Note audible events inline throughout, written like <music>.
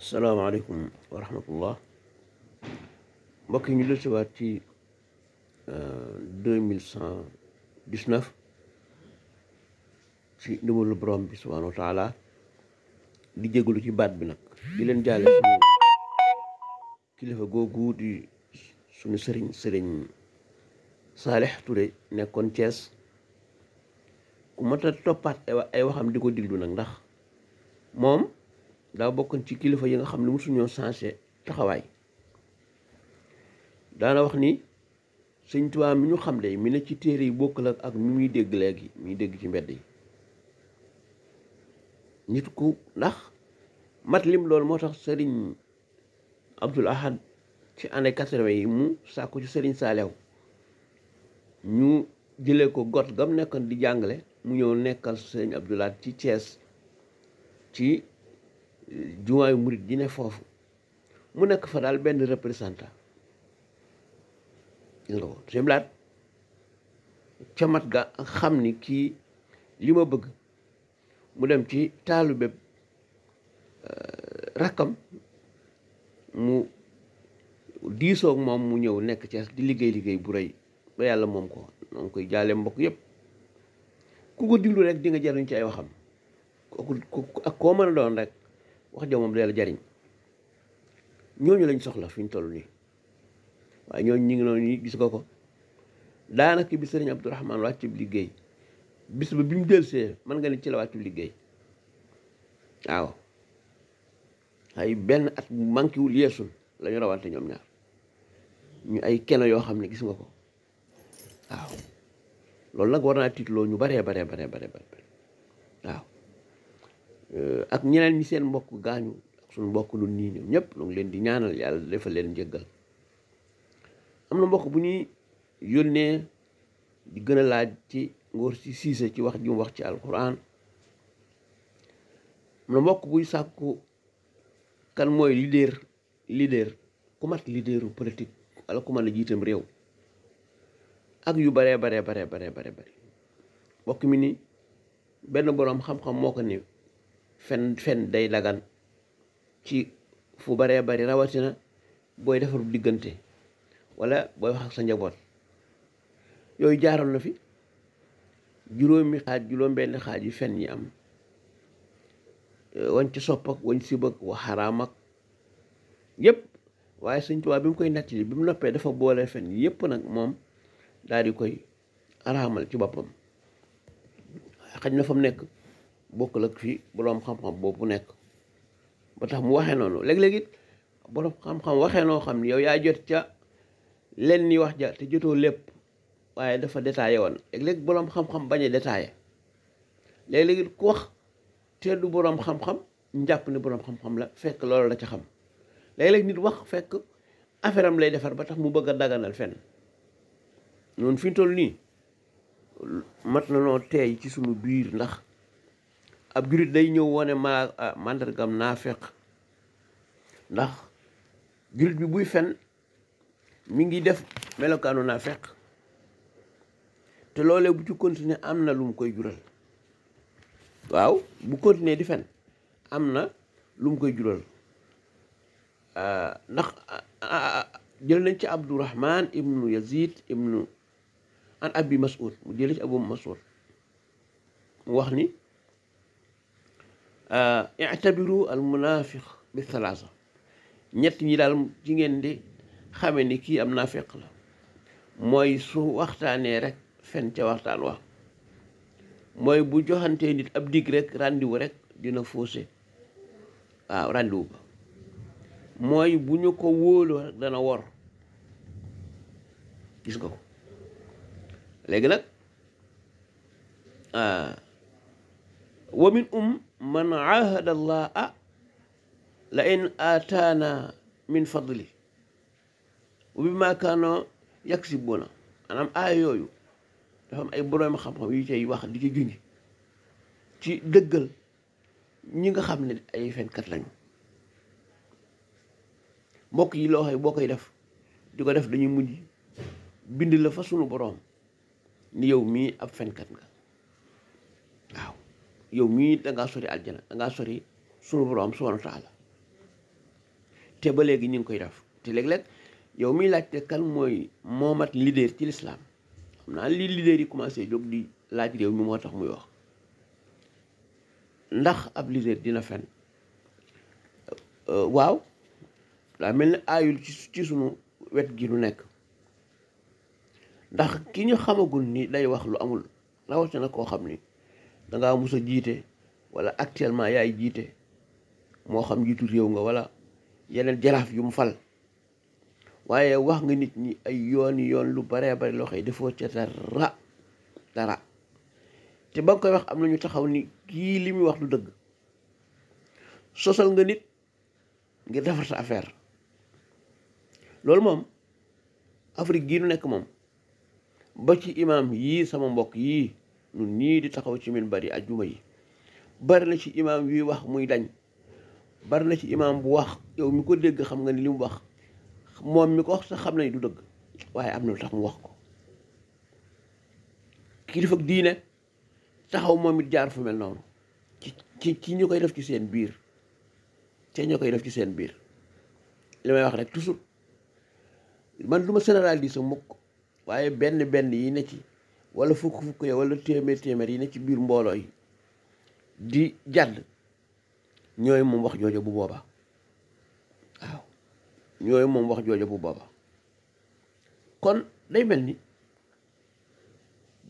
salaamaaleykum wa rahmatullah mbokk yi ñu del siwaat ci euh, deux mille cent dix-neuf ci ndimalu borom bi subhaanahu wa di jégalu ci baat bi nag di leen jaale kilifa googu di suñu sëriñ sëriñ Saalix Ture nekkoon Cees ku mat a toppaat ay waxam di ko diglu nag ndax moom daa bokkoon ci kilifa yi nga xam ne mosuñoo changé taxawaay daana wax ni sëñ Tuubaa mi ñu xam de mi ne ci téere yi bokkal ak ak mi muy dégg léegi muy dégg ci mbedd yi nit ku ndax mat lim loolu moo tax sëriñ Abdul Ahad ci année quatre yi mu sàkku ci sëriñ Saalew ñu jële ko got gam nekkoon di jàngale mu ñëw nekkal sëriñ Abdul Ahad ci Thiès ci juwaayu murit ji foofu mu nekk fa daal benn représentant gis nga ko sëñ ca mat ga xam ni kii li ma bëgg mu dem ci taalu bépp euh, rakkam mu diisoog moom mu ñëw nekk Cees di liggéey liggéey bu rëy ba yàlla moom ko noo ngi koy jaale mbokk yépp ku ko diglu rek di nga jariñ ci ay waxam kooku ak koo mën a doon rek wax joo moom la jariñ ñooñu lañ soxla fi ñu toll nii waaye ñooñu ñu ngi noonu ñu gis ko ko daanaka bi sëriñ Abdourahman ci liggéey bis ba bi mu delsee mën nga ne ci la wàccu liggéey waaw ay benn at manqué wul yéesu la ñu rawante ñoom ñaar ñu ay keno yoo xam ne gis nga ko loolu nag war naa tiitloo ñu baree baree baree bare bare waaw Euh, ak ñeneen ñi seen mbokk gaañu ak suñu mbokk lu nii ñoom ñëpp ñu leen di ñaanal yàlla defal leen njëggal am na mbokk bu ñuy yónnee di gën a laaj ci ngóor si siise ci wax ji wax ci alquran am na mbokk buy sàkku kan mooy leader leader ku mat leaderu politique wala ku mën a jiitam réew ak yu baree baree baree baree bare mbokk mi ni benn boroom xam-xam moo ko ni fen fen day dagan ci fu baree bari rawatina booy defaru diggante walla booy wax ak sa njaboot yooyu jaaral na fi juróomi xaaj juróom benn xaaj yi fen yi am wañ ci sopp ak wañ sib ak wa waaye Sëñ Tuubaa bi mu koy nettali bi mu noppee dafa boole fen yëpp nag moom daal di koy araamal ci boppam xaj na fa mu nekk bokkul ak fi boroom xam-xam boobu nekk ba tax mu waxee noonu léeg léegit it boroom xam-xam waxee noo xam ne yow yaa jot ca leen ni wax ja te jotoo lépp waaye dafa détaillé woon léeg-léeg boroom xam-xam bañ a détaillé léeg ku wax te boroom xam njàpp ne boroom xam la fekk loolu la ca xam léeg-léeg nit wax fekk affaire am lay defar ba tax mu bëgg a daganal fenn noonu fi ñu toll nii mat na noo teey ci sunu biir ndax ab julit day ñëw wone maa ah, màndargam naafeq ndax julit bi buy fen mu ngi def melokaanu naafeq te loolee bu ci continuer am na lu mu koy jural waaw bu continuer di am na lu mu koy jural ah, ndax ah, jël nañ ci abdourahman ibnu yazid ibnu an abi mas'ud mu jëlee ci abu mas'ud mu wax ni Euh, i'tabiru al munafiq bi salaasa ñett ñi daal ci ngeen di xame ni kii am naafiq la mooy su waxtaanee rek fen ca waxtaan wa mooy bu joxantee nit ab dig rek rendez rek dina faussé waaw rendez ba mooy bu ñu ko wóolu dana wor gis nga ko léegi nag euh, wa min um man ahada allaha la in aataana min fadli wa bi ma kaano yaksibuna maanaam aaya yooyu dafa am ay boroom xam-xam yu tey wax di ci junj ci dëggal ñi nga xam ni ay fenkat lañu mbokk yi loo xay boo koy def di ko def dañuy mujj bind la fa sunu boroom ni yow mii ab fenkat nga yow mii dangaa sori aljana da ngaa sori sunu borom subhanahu wa te ba léegi ñu ngi koy def te léeg-léeg yow mii laajte kan mooy moomat leader ci lislaam xam naa li leader yi commencé jóg di laaj réew mi moo tax muy wax ndax ab leader dina fen waaw daa mel ni aayul ci sunu wet gi lu nekk ndax ki ñu xamagul ni day wax lu amul na koo xam ni da mus a jiite wala actuellement yaay jiite moo xam njiitu réew nga wala yeneen jaraaf yu mu fal waaye wax nga nit ñi ay yoon yoon lu baree bari loo xëy defoo ca dara dara te ba nga koy wax am na ñu taxaw ni kii li muy wax lu dëgg sosal nga nit ngir defar sa affaire loolu moom Afrique gii nu nekk moom ba ci imaam yii sama mbokk yii ñun ñii di taxaw ci min bari ajjuma yi bari na ci imaam yuy wax muy dañ bari na ci imaam bu wax yow mi ko dégg xam nga ni li mu wax moom mi ko wax sax xam nañ du dëgg waaye am na lu tax mu wax ko kilifa diine taxaw moom it jaar fu mel noonu ci ci ci ñu koy def ci seen biir te ñu koy def ci seen biir li may wax rek toujours man du ma généraliser mukk waaye benn benn yi ne ci wala fukk-fukk ya wala téeméer téeméer yi ne ci biir mboolooy di jàdd ñooy moom wax joojo bu booba ñooy moom wax joojo bu booba kon day mel ni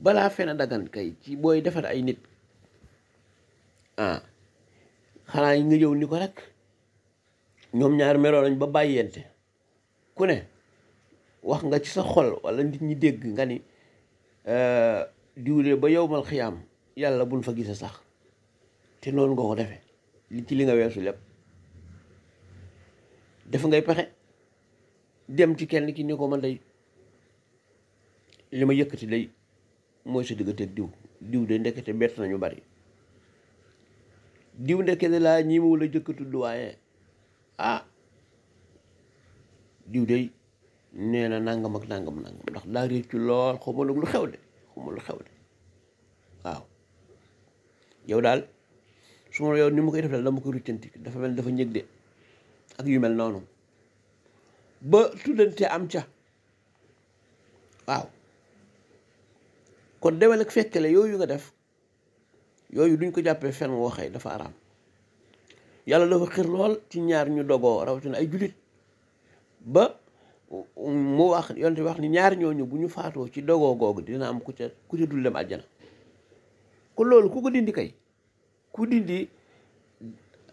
balaa fen a dagan kay ci booy defar ay nit ah xanaa yi nga jëw ni ko rek ñoom ñaar meroo nañ ba bàyyente ku ne wax nga ci sa xol wala nit ñi dégg nga ni diwle ba yowmal xiyaam yàlla bul fa gise sax te noonu nga ko defe li ci li nga weesu lépp def ngay pexe dem ci kenn ki ni ko man day li ma yëkkati day mooy sa digganteeg diw diw de ndekete bett ñu bari diw ndekete laa ñii mu la jëkk tudd waaye ah diw de nee na nangam ak nangam nangam ndax daa réccu lool xaw ma lu xew de xaw lu xew de waaw yow daal su ma yow ni ma koy def daal dama koy ruccanti dafa mel dafa ñëg de ak yu mel noonu ba tuddante am ca waaw kon demal ak fekkale yooyu nga def yooyu duñ ko jàppee fen waxee dafa araam yàlla dafa xir lool ci ñaar ñu dogoo rawatina ay jullit ba Um mu wax yonte wax ni ñaar ñooñu bu ñu faatoo ci dogoo googu dina am ku ca ku ca dul aljana kon loolu ku ko dindi kay ku dindi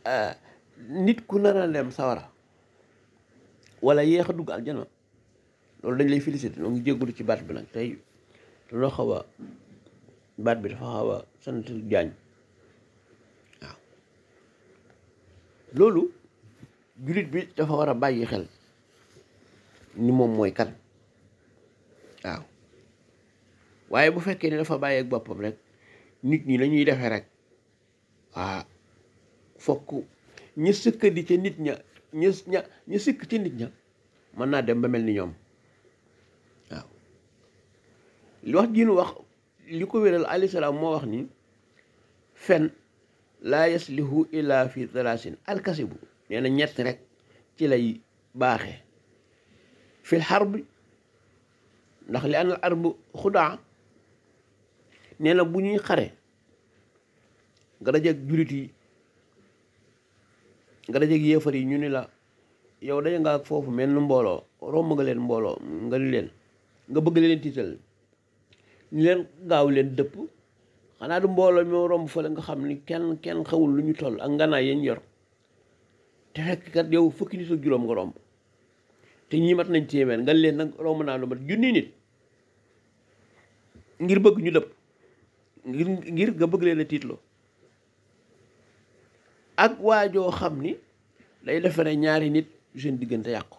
ah, nit ku nar a sawara wala yéex a dugg aljana loolu dañ lay félicité noo ngi jéggulu ci baat bi nag tey loo xaw a baat bi dafa xaw a jaañ loolu jullit bi dafa war a bàyyi xel ni moom mooy kan waaw waaye bu fekkee ne dafa bàyyi boppam rek nit ñi lañuy defee rek waa fokk ñu di ca nit ña ñu ña ñu sëkk nit ña mën naa dem ba mel ni ñoom waaw li wax ji wax li ko wéral alayhi salaam moo wax ni fen laa yaslihu illa fi talaasin alkasibu nee na ñett rek ci lay baaxe fil xarbi ndax li an al arb xudaa nee bu ñuy xare nga dajeeg jullit yi nga dajeeg yéefar yi ñu ni la yow daje nga foofu mel ni mbooloo romb nga leen mbooloo nga ni leen nga bëgg leen tiital ñu leen gaaw leen dëpp xanaa du mbooloo moo romb fële nga xam ni kenn kenn xewul lu ñu toll ak nganaay yañ yor te fekk kat yow fukki nit ak juróom nga romb te ñii mat nañ téeméer nga leen nag romb naa lu mat junni nit ngir bëgg ñu dëpp ngir nga bëgg leen a tiitloo ak waajoo xam ni day defare ñaari nit seen diggante yàqu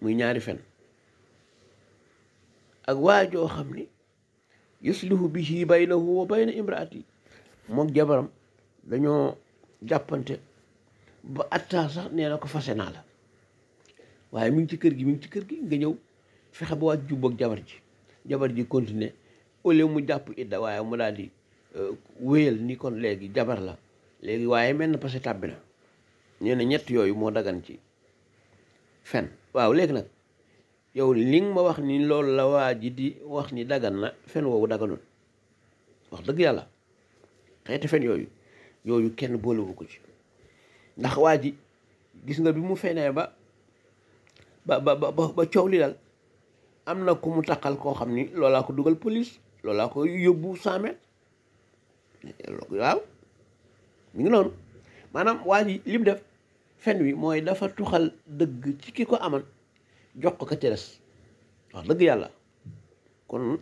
muy ñaari fen ak waajoo xam ni yuslihu bihi baynahu wa bayna imraati mook jabaram dañoo jàppante ba attaa sax nee na ko fase naa la waaye mi ngi ci kër gi mi ngi ci kër gi nga ñëw fexe ba waaj jubboog jabar ji jabar ji continuer au lieu mu jàpp idda waaye mu daal euh, wéyal ni kon léegi jabar la léegi waaye mel na parce que tàbbi na nee na ñett yooyu moo dagan ci fen waaw léegi nag yow li nga ma wax ni loolu la waa ji di wax ni dagan na fen woowu daganul wax dëgg yàlla xeeti fen yooyu yooyu kenn boolewu ko ci ndax waa gis nga bi mu fenee ba ba ba ba ba coow li daal am na ku mu takkal koo xam ni loolaa ko dugal police loolaa ko yóbbu cent mètres waaw mi ngi noonu maanaam waa ji li mu def fen wi mooy dafa tuxal dëgg ci ki ko amal jox ko ka ca des wax dëgg yàlla kon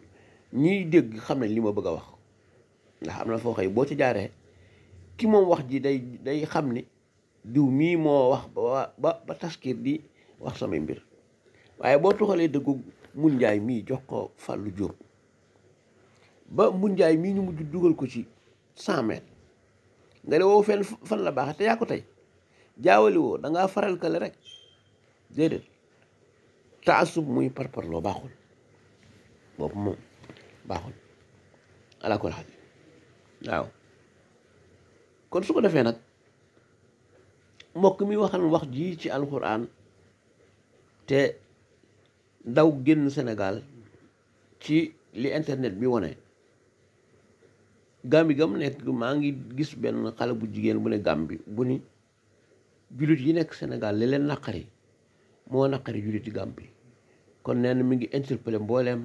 ñiy dégg xam nañ li ma bëgg a wax ndax am na foo xëy boo ci jaaree ki moom wax ji day day xam ni diw mii moo wax ba ba ba di wax samay mbir waaye boo tuxalee dëggu mun njaay mii jox ko fàllu jóob ba mun njaay mii ñu mujj dugal ko ci cent mètres nga ne woo fenn fan la baax te yaa ko tey jaawali woo da ngaa faral kale rek déedéet taasub muy parparloo baaxul boobu moom baaxul ala kul xaal waaw kon su ko defee nag mbokk mi waxal wax ji ci alxuraan te ndaw génn Sénégal ci li internet bi wane Gàmbi gam nekk maa ngi gis benn xale bu jigéen bu ne bi bu ni jullit yi nekk Sénégal li leen naqari moo naqari julliti bi kon nee mi ngi interpellé mbooleem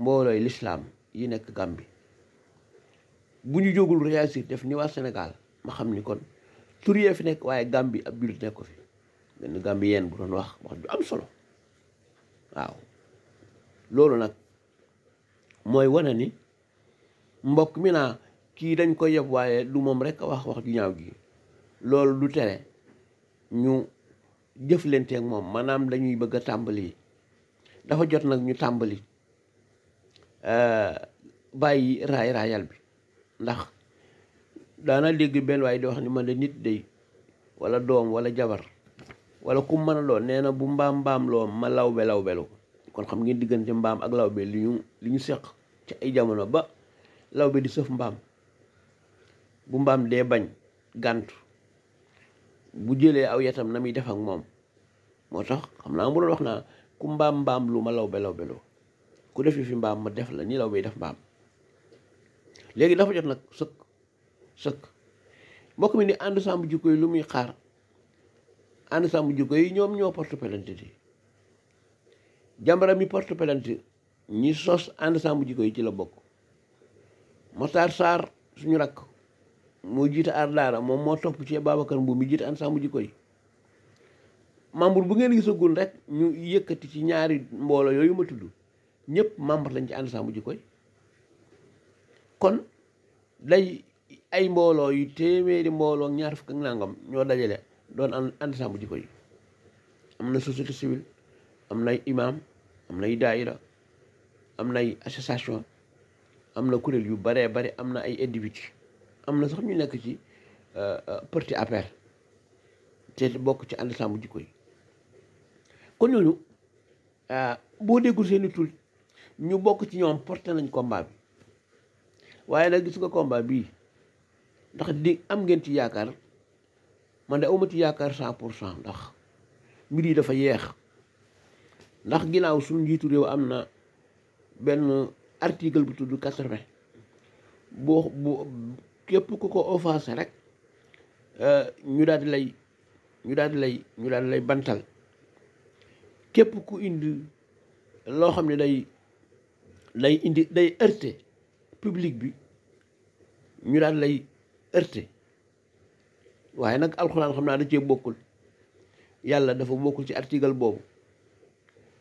mboolooy lislaam yi nekk bi bu ñu jógul réagir def ni waa Sénégal ma xam ni kon tur yee fi nekk waaye Gàmbi ab jullit nekk ko fi benn gambien bu doon wax wax du am solo waaw loolu nag mooy wane ni mbokk mi naa kii dañ koy yeb waaye du moom rek wax wax ju ñaaw gi loolu du tere ñu jëflanteeg moom maanaam dañuy bëgg a tàmbali dafa jot nag ñu tàmbali euh, bàyyi raay raayal bi ndax daana dégg benn waaye di wax ni man de nit day wala doom wala jabar wala ku mën a loo nee na bu mbaam mbaam loo ma lawbe lawbelu kon xam ngeen diggante mbaam ak lawbe li ñu li ñu seq ci ay jamono ba lawbe di sëf mbaam bu mbaam dee bañ gànt bu jëlee aw yatam na muy def ak moom moo tax xam naa mu doon wax naa ku mbaam mbaam lu ma lawbe lawbe loo ku def fi mbaam ma def la ni lawbe def mbaam léegi dafa jot nag sëkk sëkk mbokk mi ni ànd sàmm jikko yi lu muy xaar ànd sàmm jikko yi ñoom ñoo porte plainte di jàmbara mi porte plainte ñi sos ànd sàmm jikko koy ci la bokk Matar Sarr suñu rakk moo jiite aar daara moom moo topp ci Babacar Mbuum mi jiit ànd sàmm jikko koy membre bu ngeen gisagul rek ñu yëkkati ci ñaari mbooloo yooyu ma tudd ñëpp membre lañ ci ànd sàmm jikko koy kon day ay mbooloo yu téeméeri mbooloo ñaar fukk ak nangam ñoo dajale doon ànd sàmm jikko yi am na société civile am nay imam am nay daayira am nay association am na kuréel yu baree bari am na ay individu am na sax ñu nekk ci euh, euh, parti APR te bokk ci ànd sàmm jikko yi kon ñooñu euh, boo déggul seeni tul ñu bokk ci ñoom porté nañ kombaa bi waaye nag gis nga combat bii ndax di am ngeen ci yaakaar man de awma ci yaakaar cent pour ndax mbir yi dafa yeex ndax ginnaaw suñu njiitu réew am na benn article bu tudd quatre-vingt boo bu képp ku ko offensé rek euh, ñu daal lay ñu daal lay ñu daal lay bantal képp ku indi loo xam ne day day indi day heurter public bi ñu daal lay heurter waaye nag alxuraan xam naa da cee bokkul yàlla dafa bokkul ci article boobu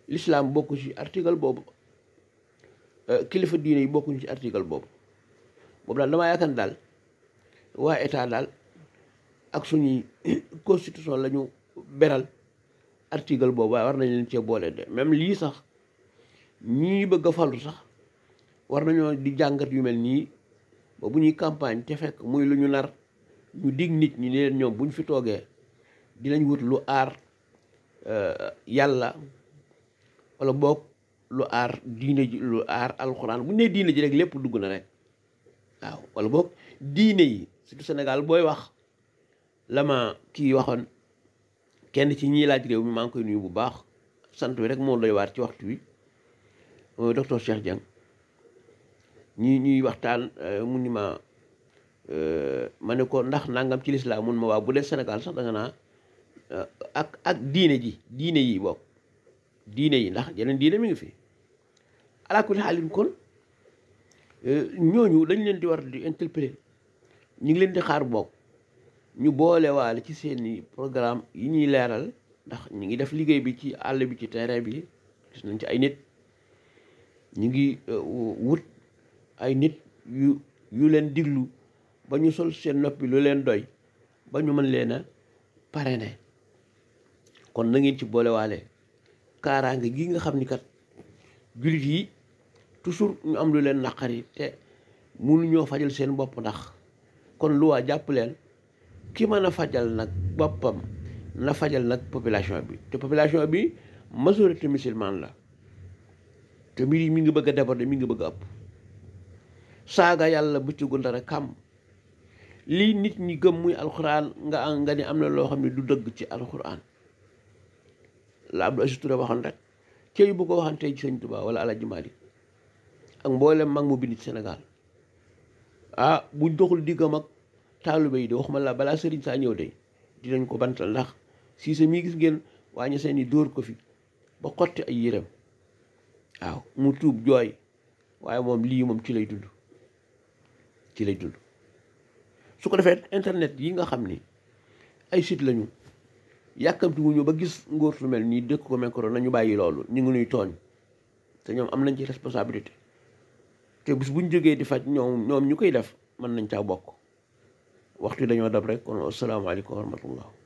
lislaam bokkul ci article boobu euh, kilifa diine yi bokkuñ ci article boobu boobu daal damaa yaakaar daal waa état daal ak suñuy <coughs> constitution lañu beral article boobu waaye war nañ leen cee boole de même lii sax ñii bëgg a falu sax war nañoo di jàngat yu mel nii ba bu ñuy campagne te fekk muy lu ñu nar ñu dig nit ñi ne leen ñoom bu ñu fi toogee dinañ wut lu aar euh, yàlla wala boog lu aar diine ji lu aar alxuraan bu ñu nee diine ji rek lépp dugg na rek waaw wala boog diine yi surtout Sénégal booy wax lama ma kii waxoon kenn ci ñii laaj réew mi maa ngi koy nuyu bu baax sant bi rek moo doy waar ci waxtu wi mooy docteur Cheikh Dieng ñuy waxtaan euh, mu ni ma Euh, ma ne ko ndax nangam ci lislaam ma waa bu dee Sénégal sax da naa euh, ak ak diine ji diine yi bokk diine yi ndax yeneen diine mi ngi fi ala kulli xaalin kon euh, ñooñu dañ leen di war di interpeller ñu ngi leen di xaar bokk ñu boole waale ci seeni programme yi ñuy leeral ndax ñu ngi def liggéey bi ci àll bi ci terrain bi gis nañ ci ay nit ñu ngi wut ay nit yu yu leen diglu ba ñu sol seen noppi lu leen doy ba ñu mën leen a ne kon na ngeen ci boolewaale kaaraange gii nga xam ni kat jullit yi toujours ñu am lu leen naqari te mu mënu ñoo fajal seen bopp ndax kon lu waa jàpp leen ki mën a fajal nag boppam na fajal nag population bi te population bi majorité musulmane la te mbir mi ngi bëgg a déborder mi ngi bëgg a ëpp saaga yàlla bëccëgu ndara kam lii nit ñi gëm muy alxuraan nga nga ni am na loo xam ne du dëgg ci alxuraan la Abdou Aziz Touré waxoon rek cey bu ko waxante ci sëñ Tuubaa wala Alaaji Maalik ak mboolem mag mu bind ci Sénégal ah buñ doxul diggam ak taalibe yi de waxuma la balaa sëriñ saa ñëw de dinañ ko bantal ndax Siise mi gis ngeen waañu seen i dóor ko fi ba xotti ay yërem waaw mu tuub jooy waaye moom lii moom ci lay dund ci lay dund su ko defee internet yi nga xam ni ay site lañu yàkkamti wuñu ba gis ngóor su mel nii dëkk ko micro nañu bàyyi loolu ñu ngi nuy tooñ te ñoom am nañ ci responsabilité te bis buñ jógee di faj ñoom ñoom ñu koy def mën nañ caa bokk waxtu dañoo dab rek kon asalaamaaleykum wa rahmatullah